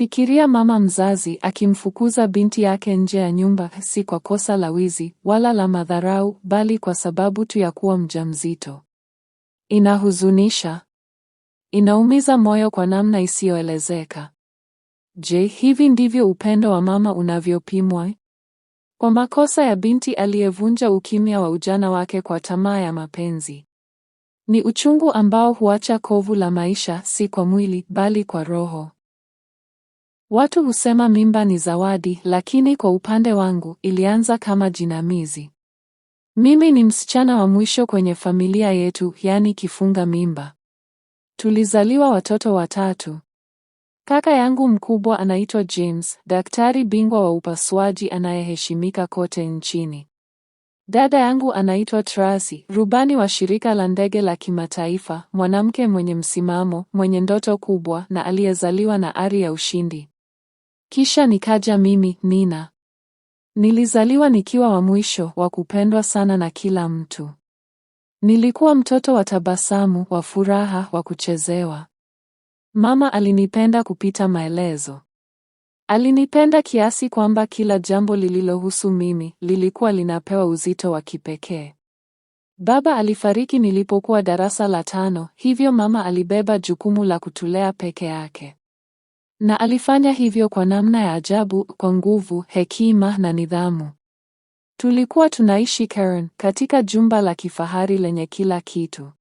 Fikiria mama mzazi akimfukuza binti yake nje ya nyumba, si kwa kosa la wizi wala la madharau, bali kwa sababu tu ya kuwa mjamzito. Inahuzunisha, inaumiza moyo kwa namna isiyoelezeka. Je, hivi ndivyo upendo wa mama unavyopimwa? Kwa makosa ya binti aliyevunja ukimya wa ujana wake kwa tamaa ya mapenzi. Ni uchungu ambao huacha kovu la maisha, si kwa mwili, bali kwa roho. Watu husema mimba ni zawadi, lakini kwa upande wangu ilianza kama jinamizi. Mimi ni msichana wa mwisho kwenye familia yetu, yaani kifunga mimba. Tulizaliwa watoto watatu. Kaka yangu mkubwa anaitwa James, daktari bingwa wa upasuaji anayeheshimika kote nchini. Dada yangu anaitwa Tracy, rubani wa shirika la ndege la kimataifa, mwanamke mwenye msimamo, mwenye ndoto kubwa na aliyezaliwa na ari ya ushindi. Kisha nikaja mimi Nina. Nilizaliwa nikiwa wa mwisho wa kupendwa sana na kila mtu. Nilikuwa mtoto wa tabasamu, wa furaha, wa kuchezewa. Mama alinipenda kupita maelezo. Alinipenda kiasi kwamba kila jambo lililohusu mimi lilikuwa linapewa uzito wa kipekee. Baba alifariki nilipokuwa darasa la tano, hivyo mama alibeba jukumu la kutulea peke yake na alifanya hivyo kwa namna ya ajabu, kwa nguvu, hekima na nidhamu. Tulikuwa tunaishi Karen, katika jumba la kifahari lenye kila kitu: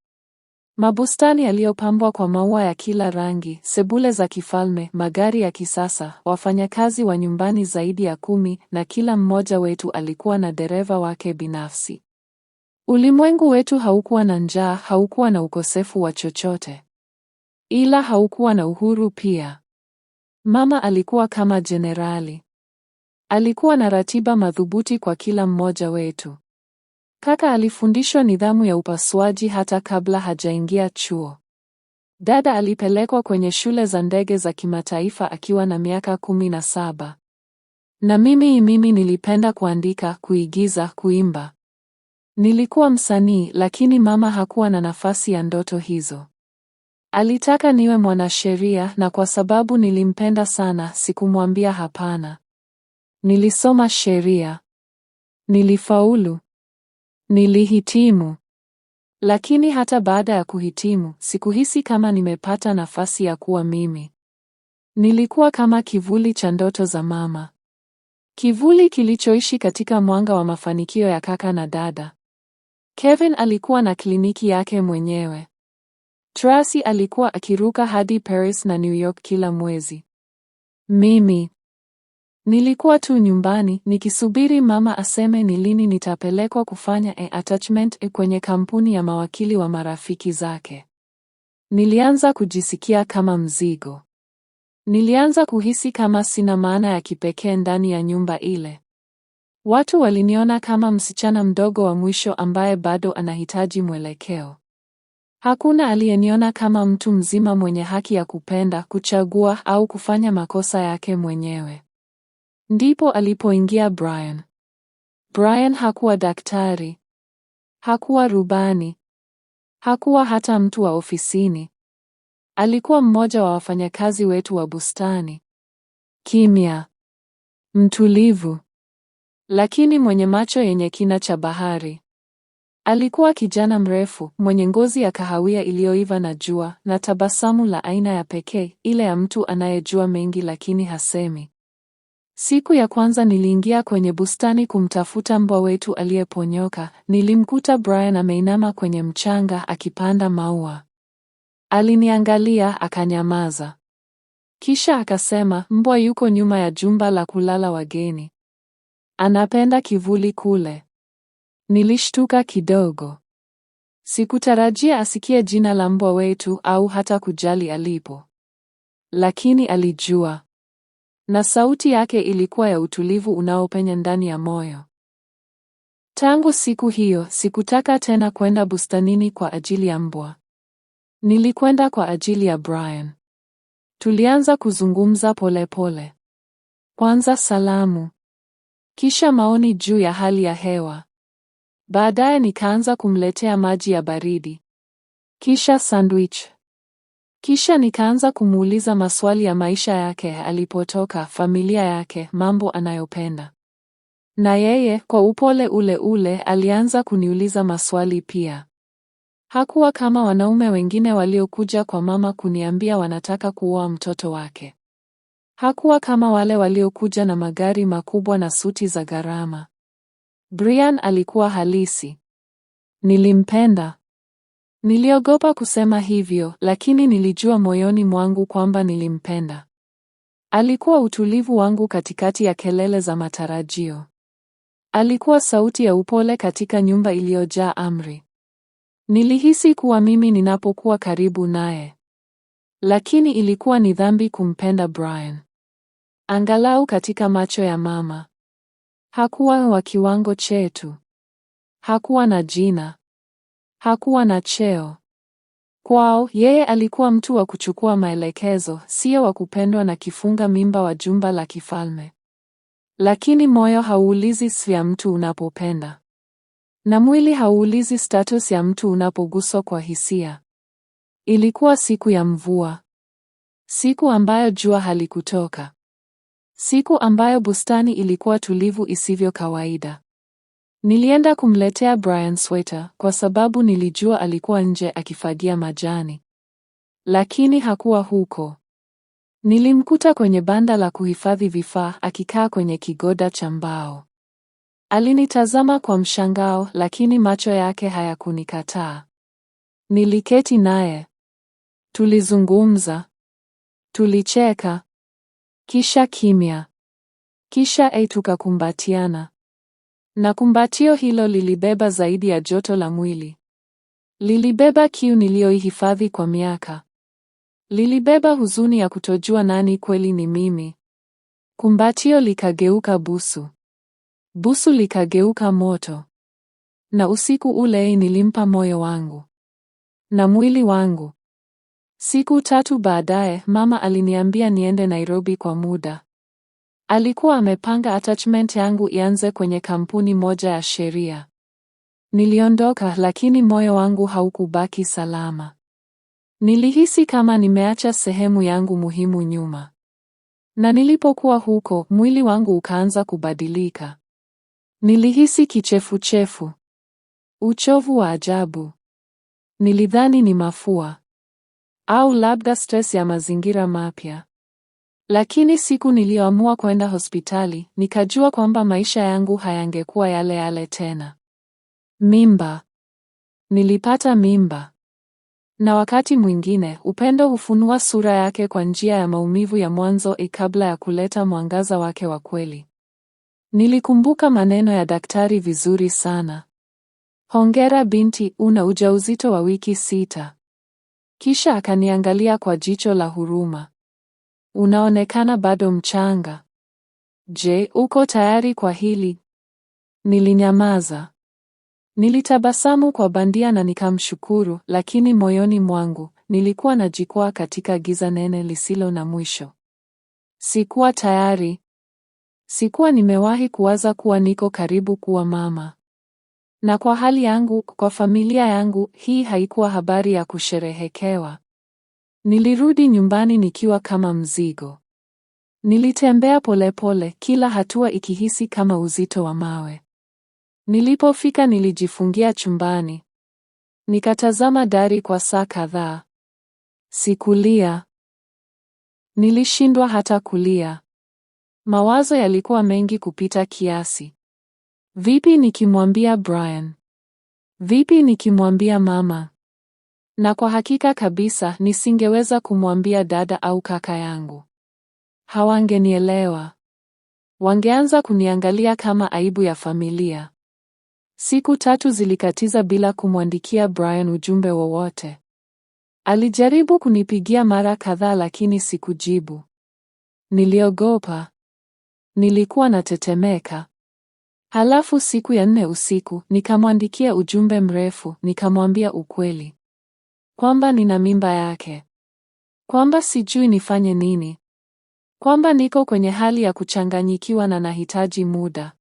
mabustani yaliyopambwa kwa maua ya kila rangi, sebule za kifalme, magari ya kisasa, wafanyakazi wa nyumbani zaidi ya kumi, na kila mmoja wetu alikuwa na dereva wake binafsi. Ulimwengu wetu haukuwa na njaa, haukuwa na ukosefu wa chochote, ila haukuwa na uhuru pia. Mama alikuwa kama jenerali. Alikuwa na ratiba madhubuti kwa kila mmoja wetu. Kaka alifundishwa nidhamu ya upasuaji hata kabla hajaingia chuo. Dada alipelekwa kwenye shule za ndege za kimataifa akiwa na miaka kumi na saba. Na mimi mimi nilipenda kuandika, kuigiza, kuimba. Nilikuwa msanii, lakini mama hakuwa na nafasi ya ndoto hizo. Alitaka niwe mwanasheria na kwa sababu nilimpenda sana, sikumwambia hapana. Nilisoma sheria. Nilifaulu. Nilihitimu. Lakini hata baada ya kuhitimu, sikuhisi kama nimepata nafasi ya kuwa mimi. Nilikuwa kama kivuli cha ndoto za mama. Kivuli kilichoishi katika mwanga wa mafanikio ya kaka na dada. Kevin alikuwa na kliniki yake mwenyewe. Tracy alikuwa akiruka hadi Paris na New York kila mwezi. Mimi nilikuwa tu nyumbani nikisubiri mama aseme ni lini nitapelekwa kufanya e attachment e kwenye kampuni ya mawakili wa marafiki zake. Nilianza kujisikia kama mzigo. Nilianza kuhisi kama sina maana ya kipekee ndani ya nyumba ile. Watu waliniona kama msichana mdogo wa mwisho ambaye bado anahitaji mwelekeo. Hakuna aliyeniona kama mtu mzima mwenye haki ya kupenda, kuchagua au kufanya makosa yake mwenyewe. Ndipo alipoingia Brian. Brian hakuwa daktari. Hakuwa rubani. Hakuwa hata mtu wa ofisini. Alikuwa mmoja wa wafanyakazi wetu wa bustani. Kimya. Mtulivu. Lakini mwenye macho yenye kina cha bahari. Alikuwa kijana mrefu, mwenye ngozi ya kahawia iliyoiva na jua, na tabasamu la aina ya pekee, ile ya mtu anayejua mengi lakini hasemi. Siku ya kwanza niliingia kwenye bustani kumtafuta mbwa wetu aliyeponyoka, nilimkuta Brian ameinama kwenye mchanga akipanda maua. Aliniangalia akanyamaza. Kisha akasema, mbwa yuko nyuma ya jumba la kulala wageni. Anapenda kivuli kule. Nilishtuka kidogo. Sikutarajia asikie jina la mbwa wetu au hata kujali alipo. Lakini alijua. Na sauti yake ilikuwa ya utulivu unaopenya ndani ya moyo. Tangu siku hiyo, sikutaka tena kwenda bustanini kwa ajili ya mbwa. Nilikwenda kwa ajili ya Brian. Tulianza kuzungumza polepole. Kwanza salamu. Kisha maoni juu ya hali ya hewa. Baadaye nikaanza kumletea maji ya baridi, kisha sandwich, kisha nikaanza kumuuliza maswali ya maisha yake, alipotoka, familia yake, mambo anayopenda. Na yeye kwa upole ule ule alianza kuniuliza maswali pia. Hakuwa kama wanaume wengine waliokuja kwa mama kuniambia wanataka kuoa mtoto wake. Hakuwa kama wale waliokuja na magari makubwa na suti za gharama. Brian alikuwa halisi. Nilimpenda. Niliogopa kusema hivyo, lakini nilijua moyoni mwangu kwamba nilimpenda. Alikuwa utulivu wangu katikati ya kelele za matarajio. Alikuwa sauti ya upole katika nyumba iliyojaa amri. Nilihisi kuwa mimi ninapokuwa karibu naye. Lakini ilikuwa ni dhambi kumpenda Brian. Angalau katika macho ya mama. Hakuwa wa kiwango chetu. Hakuwa na jina. Hakuwa na cheo. Kwao yeye alikuwa mtu wa kuchukua maelekezo, sio wa kupendwa na kifunga mimba wa jumba la kifalme. Lakini moyo hauulizi sifa ya mtu unapopenda, na mwili hauulizi status ya mtu unapoguswa kwa hisia. Ilikuwa siku ya mvua, siku ambayo jua halikutoka. Siku ambayo bustani ilikuwa tulivu isivyo kawaida. Nilienda kumletea Brian sweater kwa sababu nilijua alikuwa nje akifagia majani. Lakini hakuwa huko. Nilimkuta kwenye banda la kuhifadhi vifaa akikaa kwenye kigoda cha mbao. Alinitazama kwa mshangao lakini macho yake hayakunikataa. Niliketi naye. Tulizungumza. Tulicheka. Kisha kimya. Kisha e, tukakumbatiana, na kumbatio hilo lilibeba zaidi ya joto la mwili. Lilibeba kiu niliyoihifadhi kwa miaka. Lilibeba huzuni ya kutojua nani kweli ni mimi. Kumbatio likageuka busu, busu likageuka moto, na usiku ule nilimpa moyo wangu na mwili wangu. Siku tatu baadaye, mama aliniambia niende Nairobi kwa muda. Alikuwa amepanga attachment yangu ianze kwenye kampuni moja ya sheria. Niliondoka, lakini moyo wangu haukubaki salama. Nilihisi kama nimeacha sehemu yangu muhimu nyuma. Na nilipokuwa huko, mwili wangu ukaanza kubadilika. Nilihisi kichefuchefu, uchovu wa ajabu. Nilidhani ni mafua au labda stress ya mazingira mapya. Lakini siku niliyoamua kwenda hospitali, nikajua kwamba maisha yangu hayangekuwa yale yale tena. Mimba. Nilipata mimba. Na wakati mwingine upendo hufunua sura yake kwa njia ya maumivu ya mwanzo kabla ya kuleta mwangaza wake wa kweli. Nilikumbuka maneno ya daktari vizuri sana. Hongera binti, una ujauzito wa wiki sita. Kisha akaniangalia kwa jicho la huruma. Unaonekana bado mchanga. Je, uko tayari kwa hili? Nilinyamaza. Nilitabasamu kwa bandia na nikamshukuru, lakini moyoni mwangu nilikuwa najikwaa katika giza nene lisilo na mwisho. Sikuwa tayari. Sikuwa nimewahi kuwaza kuwa niko karibu kuwa mama. Na kwa hali yangu, kwa familia yangu, hii haikuwa habari ya kusherehekewa. Nilirudi nyumbani nikiwa kama mzigo. Nilitembea polepole pole, kila hatua ikihisi kama uzito wa mawe. Nilipofika nilijifungia chumbani. Nikatazama dari kwa saa kadhaa. Sikulia. Nilishindwa hata kulia. Mawazo yalikuwa mengi kupita kiasi. Vipi nikimwambia Brian? Vipi nikimwambia mama? Na kwa hakika kabisa nisingeweza kumwambia dada au kaka yangu. Hawangenielewa. Wangeanza kuniangalia kama aibu ya familia. Siku tatu zilikatiza bila kumwandikia Brian ujumbe wowote. Alijaribu kunipigia mara kadhaa lakini sikujibu. Niliogopa. Nilikuwa natetemeka. Halafu siku ya nne usiku nikamwandikia ujumbe mrefu, nikamwambia ukweli kwamba nina mimba yake, kwamba sijui nifanye nini, kwamba niko kwenye hali ya kuchanganyikiwa na nahitaji muda.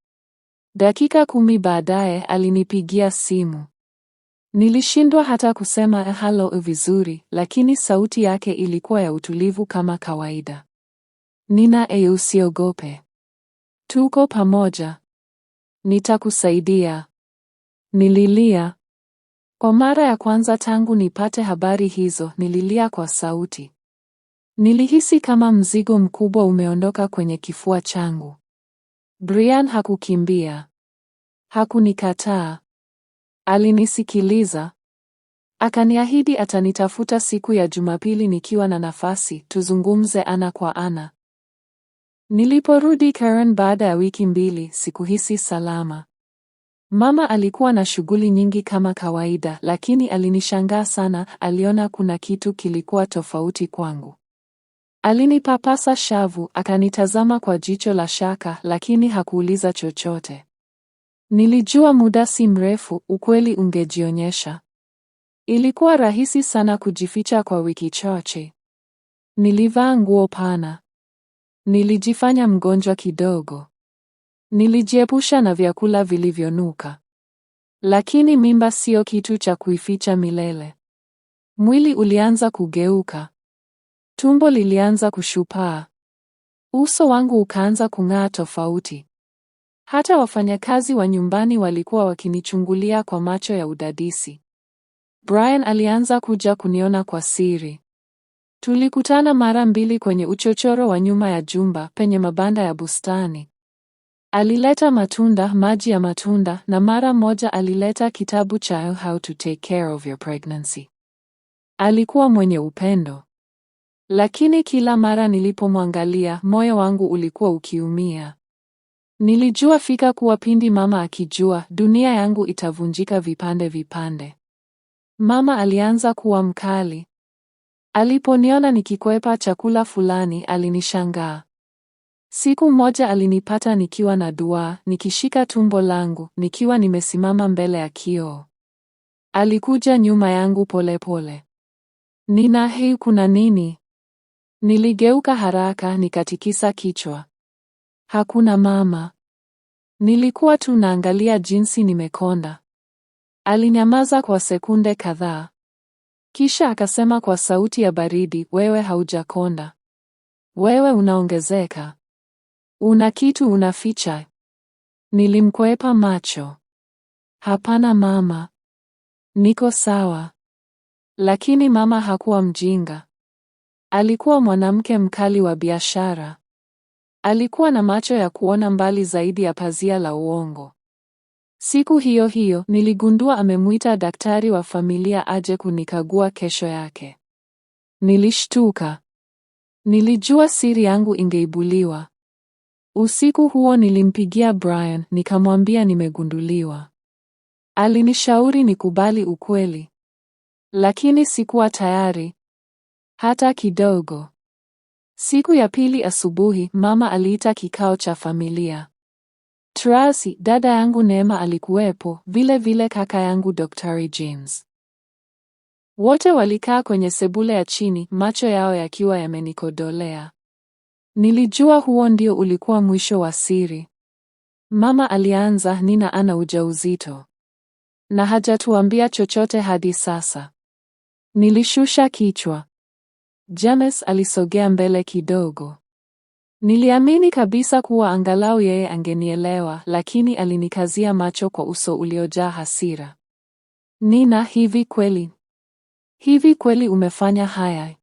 Dakika kumi baadaye alinipigia simu. Nilishindwa hata kusema halo vizuri, lakini sauti yake ilikuwa ya utulivu kama kawaida. Nina eusiogope, eh, tuko pamoja nitakusaidia, nililia. Kwa mara ya kwanza tangu nipate habari hizo, nililia kwa sauti. Nilihisi kama mzigo mkubwa umeondoka kwenye kifua changu. Brian hakukimbia. Hakunikataa. Alinisikiliza. Akaniahidi atanitafuta siku ya Jumapili nikiwa na nafasi, tuzungumze ana kwa ana. Niliporudi Karen baada ya wiki mbili, sikuhisi salama. Mama alikuwa na shughuli nyingi kama kawaida, lakini alinishangaa sana, aliona kuna kitu kilikuwa tofauti kwangu. Alinipapasa shavu, akanitazama kwa jicho la shaka, lakini hakuuliza chochote. Nilijua muda si mrefu ukweli ungejionyesha. Ilikuwa rahisi sana kujificha kwa wiki chache. Nilivaa nguo pana. Nilijifanya mgonjwa kidogo. Nilijiepusha na vyakula vilivyonuka. Lakini mimba siyo kitu cha kuificha milele. Mwili ulianza kugeuka. Tumbo lilianza kushupaa. Uso wangu ukaanza kung'aa tofauti. Hata wafanyakazi wa nyumbani walikuwa wakinichungulia kwa macho ya udadisi. Brian alianza kuja kuniona kwa siri. Tulikutana mara mbili kwenye uchochoro wa nyuma ya jumba penye mabanda ya bustani. Alileta matunda, maji ya matunda, na mara moja alileta kitabu cha How to Take Care of Your Pregnancy. Alikuwa mwenye upendo, lakini kila mara nilipomwangalia moyo wangu ulikuwa ukiumia. Nilijua fika kuwa pindi mama akijua, dunia yangu itavunjika vipande vipande. Mama alianza kuwa mkali, Aliponiona nikikwepa chakula fulani alinishangaa. Siku moja alinipata nikiwa na duaa, nikishika tumbo langu, nikiwa nimesimama mbele ya kioo. Alikuja nyuma yangu polepole. Nina hii kuna nini? Niligeuka haraka nikatikisa kichwa. Hakuna mama. Nilikuwa tu naangalia jinsi nimekonda. Alinyamaza kwa sekunde kadhaa. Kisha akasema kwa sauti ya baridi, wewe haujakonda, wewe unaongezeka, una kitu unaficha. Nilimkwepa macho. Hapana mama, niko sawa. Lakini mama hakuwa mjinga. Alikuwa mwanamke mkali wa biashara. Alikuwa na macho ya kuona mbali zaidi ya pazia la uongo. Siku hiyo hiyo niligundua amemwita daktari wa familia aje kunikagua kesho yake. Nilishtuka. Nilijua siri yangu ingeibuliwa. Usiku huo nilimpigia Brian nikamwambia nimegunduliwa. Alinishauri nikubali ukweli. Lakini sikuwa tayari hata kidogo. Siku ya pili asubuhi, mama aliita kikao cha familia. Trasi, dada yangu Neema alikuwepo, vile vile kaka yangu Daktari James. Wote walikaa kwenye sebule ya chini, macho yao yakiwa yamenikodolea. Nilijua huo ndio ulikuwa mwisho wa siri. Mama alianza, Nina ana ujauzito na hajatuambia chochote hadi sasa. Nilishusha kichwa. James alisogea mbele kidogo. Niliamini kabisa kuwa angalau yeye angenielewa, lakini alinikazia macho kwa uso uliojaa hasira. Nina, hivi kweli? Hivi kweli umefanya haya?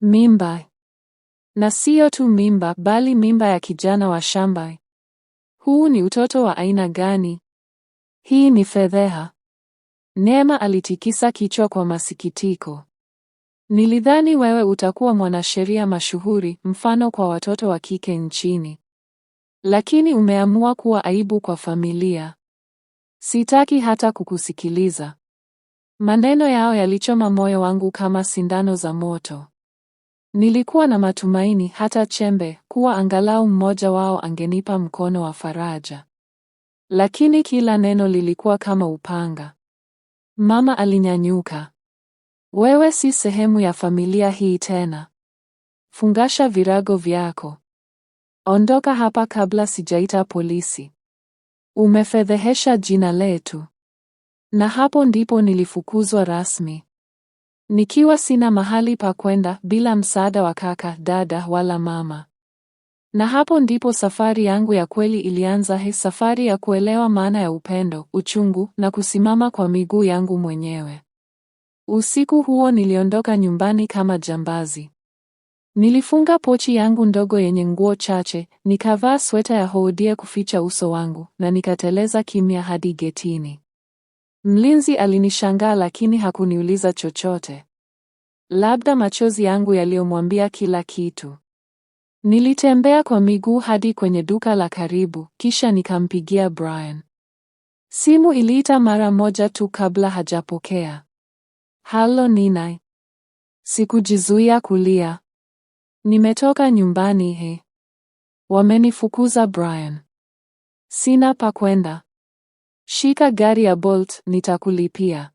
Mimba. Na siyo tu mimba, bali mimba ya kijana wa shamba. Huu ni utoto wa aina gani? Hii ni fedheha. Neema alitikisa kichwa kwa masikitiko. Nilidhani wewe utakuwa mwanasheria mashuhuri, mfano kwa watoto wa kike nchini. Lakini umeamua kuwa aibu kwa familia. Sitaki hata kukusikiliza. Maneno yao yalichoma moyo wangu kama sindano za moto. Nilikuwa na matumaini hata chembe kuwa angalau mmoja wao angenipa mkono wa faraja. Lakini kila neno lilikuwa kama upanga. Mama alinyanyuka. Wewe si sehemu ya familia hii tena. Fungasha virago vyako. Ondoka hapa kabla sijaita polisi. Umefedhehesha jina letu. Na hapo ndipo nilifukuzwa rasmi. Nikiwa sina mahali pa kwenda bila msaada wa kaka, dada wala mama. Na hapo ndipo safari yangu ya kweli ilianza, he, safari ya kuelewa maana ya upendo, uchungu na kusimama kwa miguu yangu mwenyewe. Usiku huo niliondoka nyumbani kama jambazi. Nilifunga pochi yangu ndogo yenye nguo chache, nikavaa sweta ya hoodie kuficha uso wangu na nikateleza kimya hadi getini. Mlinzi alinishangaa lakini hakuniuliza chochote. Labda machozi yangu yaliyomwambia kila kitu. Nilitembea kwa miguu hadi kwenye duka la karibu, kisha nikampigia Brian. Simu iliita mara moja tu kabla hajapokea. Halo Nina. Sikujizuia kulia. Nimetoka nyumbani he. Wamenifukuza Brian. Sina pa kwenda. Shika gari ya Bolt nitakulipia.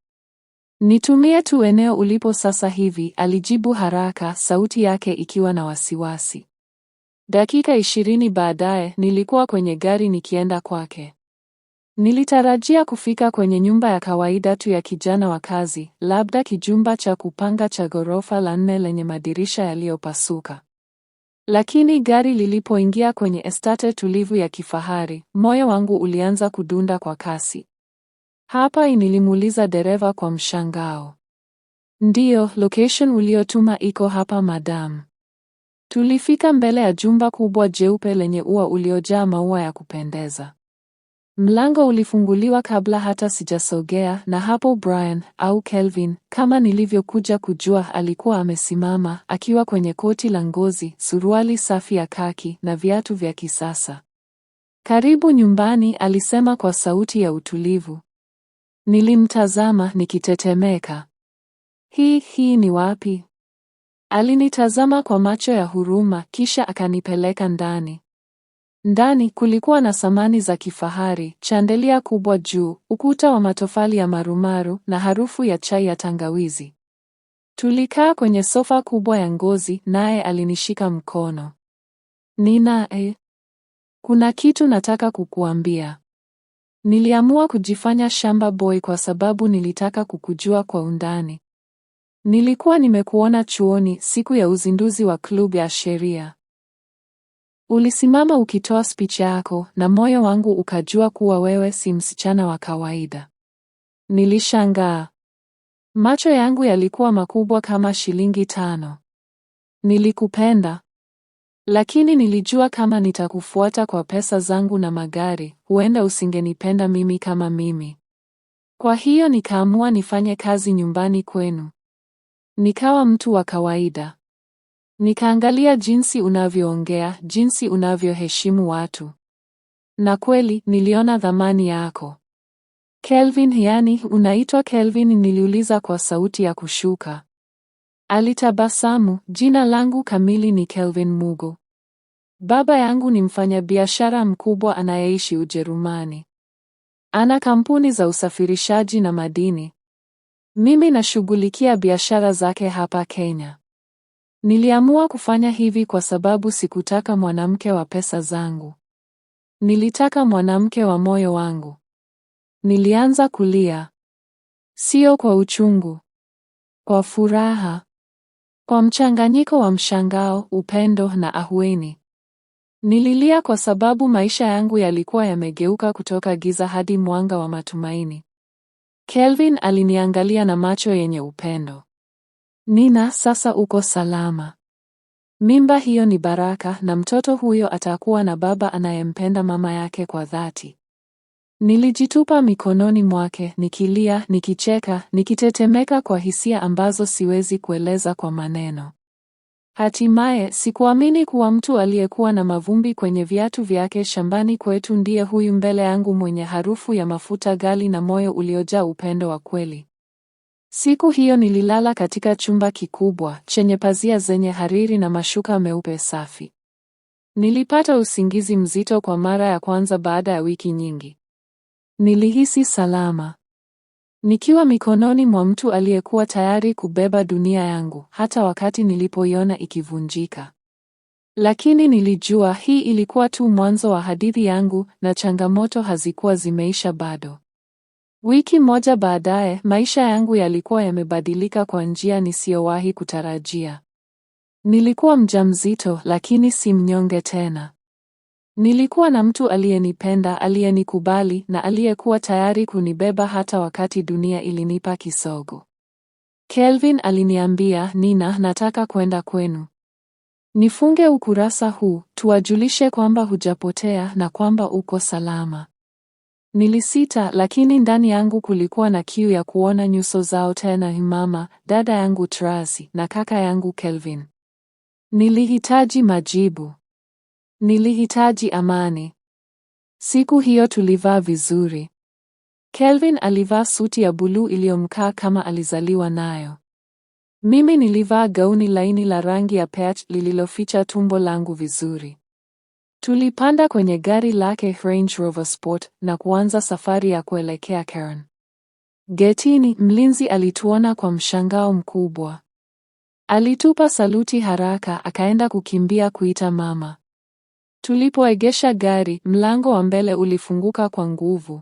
Nitumie tu eneo ulipo sasa hivi, alijibu haraka, sauti yake ikiwa na wasiwasi. Dakika ishirini baadaye nilikuwa kwenye gari nikienda kwake. Nilitarajia kufika kwenye nyumba ya kawaida tu ya kijana wa kazi, labda kijumba cha kupanga cha ghorofa la nne lenye madirisha yaliyopasuka. Lakini gari lilipoingia kwenye estate tulivu ya kifahari, moyo wangu ulianza kudunda kwa kasi. Hapa nilimuuliza dereva kwa mshangao. Ndiyo, location uliotuma iko hapa madam. Tulifika mbele ya jumba kubwa jeupe lenye ua uliojaa maua ya kupendeza. Mlango ulifunguliwa kabla hata sijasogea, na hapo Brian au Kelvin, kama nilivyokuja kujua, alikuwa amesimama akiwa kwenye koti la ngozi, suruali safi ya kaki na viatu vya kisasa. Karibu nyumbani, alisema kwa sauti ya utulivu. Nilimtazama nikitetemeka. Hii hii ni wapi? Alinitazama kwa macho ya huruma kisha akanipeleka ndani. Ndani kulikuwa na samani za kifahari, chandelia kubwa juu, ukuta wa matofali ya marumaru na harufu ya chai ya tangawizi. Tulikaa kwenye sofa kubwa ya ngozi, naye alinishika mkono. Nina, eh, kuna kitu nataka kukuambia. Niliamua kujifanya shamba boy kwa sababu nilitaka kukujua kwa undani. Nilikuwa nimekuona chuoni siku ya uzinduzi wa klubu ya sheria. Ulisimama ukitoa spichi yako na moyo wangu ukajua kuwa wewe si msichana wa kawaida. Nilishangaa. Macho yangu yalikuwa makubwa kama shilingi tano. Nilikupenda. Lakini nilijua kama nitakufuata kwa pesa zangu na magari, huenda usingenipenda mimi kama mimi. Kwa hiyo nikaamua nifanye kazi nyumbani kwenu. Nikawa mtu wa kawaida. Nikaangalia jinsi unavyoongea, jinsi unavyoheshimu watu, na kweli niliona thamani yako. Kelvin, yani unaitwa Kelvin? Niliuliza kwa sauti ya kushuka. Alitabasamu. Jina langu kamili ni Kelvin Mugo. Baba yangu ni mfanyabiashara mkubwa anayeishi Ujerumani. Ana kampuni za usafirishaji na madini. Mimi nashughulikia biashara zake hapa Kenya. Niliamua kufanya hivi kwa sababu sikutaka mwanamke wa pesa zangu. Nilitaka mwanamke wa moyo wangu. Nilianza kulia. Sio kwa uchungu. Kwa furaha. Kwa mchanganyiko wa mshangao, upendo na ahueni. Nililia kwa sababu maisha yangu yalikuwa yamegeuka kutoka giza hadi mwanga wa matumaini. Kelvin aliniangalia na macho yenye upendo. Nina, sasa uko salama. Mimba hiyo ni baraka na mtoto huyo atakuwa na baba anayempenda mama yake kwa dhati. Nilijitupa mikononi mwake nikilia, nikicheka, nikitetemeka kwa hisia ambazo siwezi kueleza kwa maneno. Hatimaye sikuamini kuwa mtu aliyekuwa na mavumbi kwenye viatu vyake shambani kwetu ndiye huyu mbele yangu mwenye harufu ya mafuta gali na moyo uliojaa upendo wa kweli. Siku hiyo nililala katika chumba kikubwa chenye pazia zenye hariri na mashuka meupe safi. Nilipata usingizi mzito kwa mara ya kwanza baada ya wiki nyingi. Nilihisi salama. Nikiwa mikononi mwa mtu aliyekuwa tayari kubeba dunia yangu hata wakati nilipoiona ikivunjika. Lakini nilijua hii ilikuwa tu mwanzo wa hadithi yangu na changamoto hazikuwa zimeisha bado. Wiki moja baadaye, maisha yangu yalikuwa yamebadilika kwa njia nisiyowahi kutarajia. Nilikuwa mjamzito lakini si mnyonge tena. Nilikuwa na mtu aliyenipenda, aliyenikubali na aliyekuwa tayari kunibeba hata wakati dunia ilinipa kisogo. Kelvin aliniambia, Nina, nataka kwenda kwenu. Nifunge ukurasa huu, tuwajulishe kwamba hujapotea na kwamba uko salama. Nilisita, lakini ndani yangu kulikuwa na kiu ya kuona nyuso zao tena, mama, dada yangu Tracy na kaka yangu Kelvin. Nilihitaji majibu. Nilihitaji amani. Siku hiyo tulivaa vizuri. Kelvin alivaa suti ya buluu iliyomkaa kama alizaliwa nayo. Mimi nilivaa gauni laini la rangi ya peach lililoficha tumbo langu vizuri. Tulipanda kwenye gari lake Range Rover Sport na kuanza safari ya kuelekea Karen. Getini, mlinzi alituona kwa mshangao mkubwa. Alitupa saluti haraka, akaenda kukimbia kuita mama. Tulipoegesha gari, mlango wa mbele ulifunguka kwa nguvu.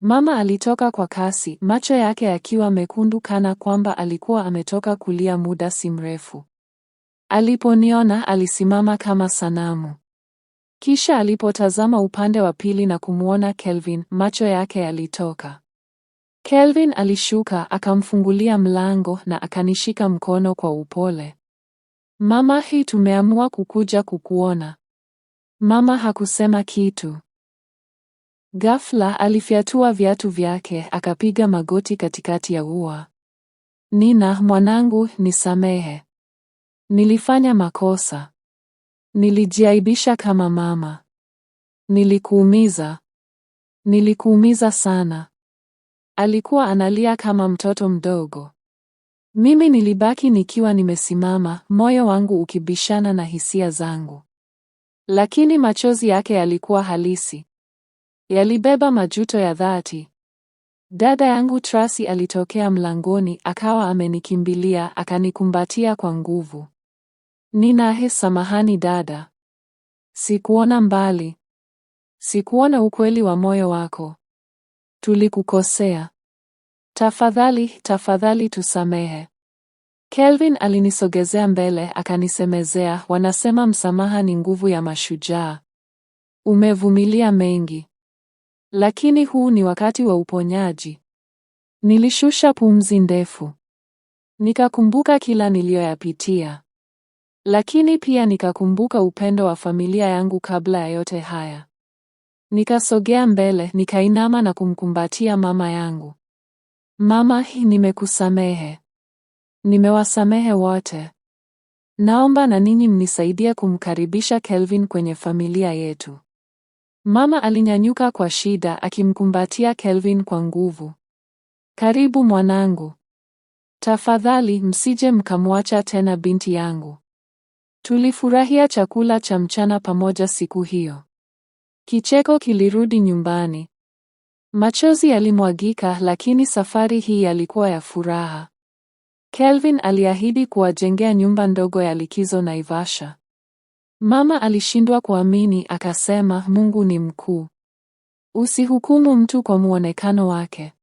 Mama alitoka kwa kasi, macho yake yakiwa mekundu kana kwamba alikuwa ametoka kulia muda si mrefu. Aliponiona, alisimama kama sanamu. Kisha alipotazama upande wa pili na kumwona Kelvin, macho yake yalitoka. Kelvin alishuka akamfungulia mlango na akanishika mkono kwa upole. Mama, hii tumeamua kukuja kukuona. Mama hakusema kitu. Ghafla alifyatua viatu vyake akapiga magoti katikati ya ua. Nina mwanangu, nisamehe. Nilifanya makosa. Nilijiaibisha kama mama. Nilikuumiza. Nilikuumiza sana. Alikuwa analia kama mtoto mdogo. Mimi nilibaki nikiwa nimesimama, moyo wangu ukibishana na hisia zangu. Lakini machozi yake yalikuwa halisi. Yalibeba majuto ya dhati. Dada yangu Trasi alitokea mlangoni, akawa amenikimbilia, akanikumbatia kwa nguvu. Ninahe, samahani dada, sikuona mbali, sikuona ukweli wa moyo wako, tulikukosea. Tafadhali, tafadhali tusamehe. Kelvin alinisogezea mbele akanisemezea, wanasema msamaha ni nguvu ya mashujaa. Umevumilia mengi, lakini huu ni wakati wa uponyaji. Nilishusha pumzi ndefu, nikakumbuka kila niliyoyapitia. Lakini pia nikakumbuka upendo wa familia yangu kabla ya yote haya. Nikasogea mbele, nikainama na kumkumbatia mama yangu. Mama, nimekusamehe. Nimewasamehe wote. Naomba na ninyi mnisaidie kumkaribisha Kelvin kwenye familia yetu. Mama alinyanyuka kwa shida akimkumbatia Kelvin kwa nguvu. Karibu mwanangu. Tafadhali msije mkamwacha tena binti yangu. Tulifurahia chakula cha mchana pamoja siku hiyo. Kicheko kilirudi nyumbani. Machozi yalimwagika lakini safari hii yalikuwa ya furaha. Kelvin aliahidi kuwajengea nyumba ndogo ya likizo Naivasha. Mama alishindwa kuamini akasema Mungu ni mkuu. Usihukumu mtu kwa muonekano wake.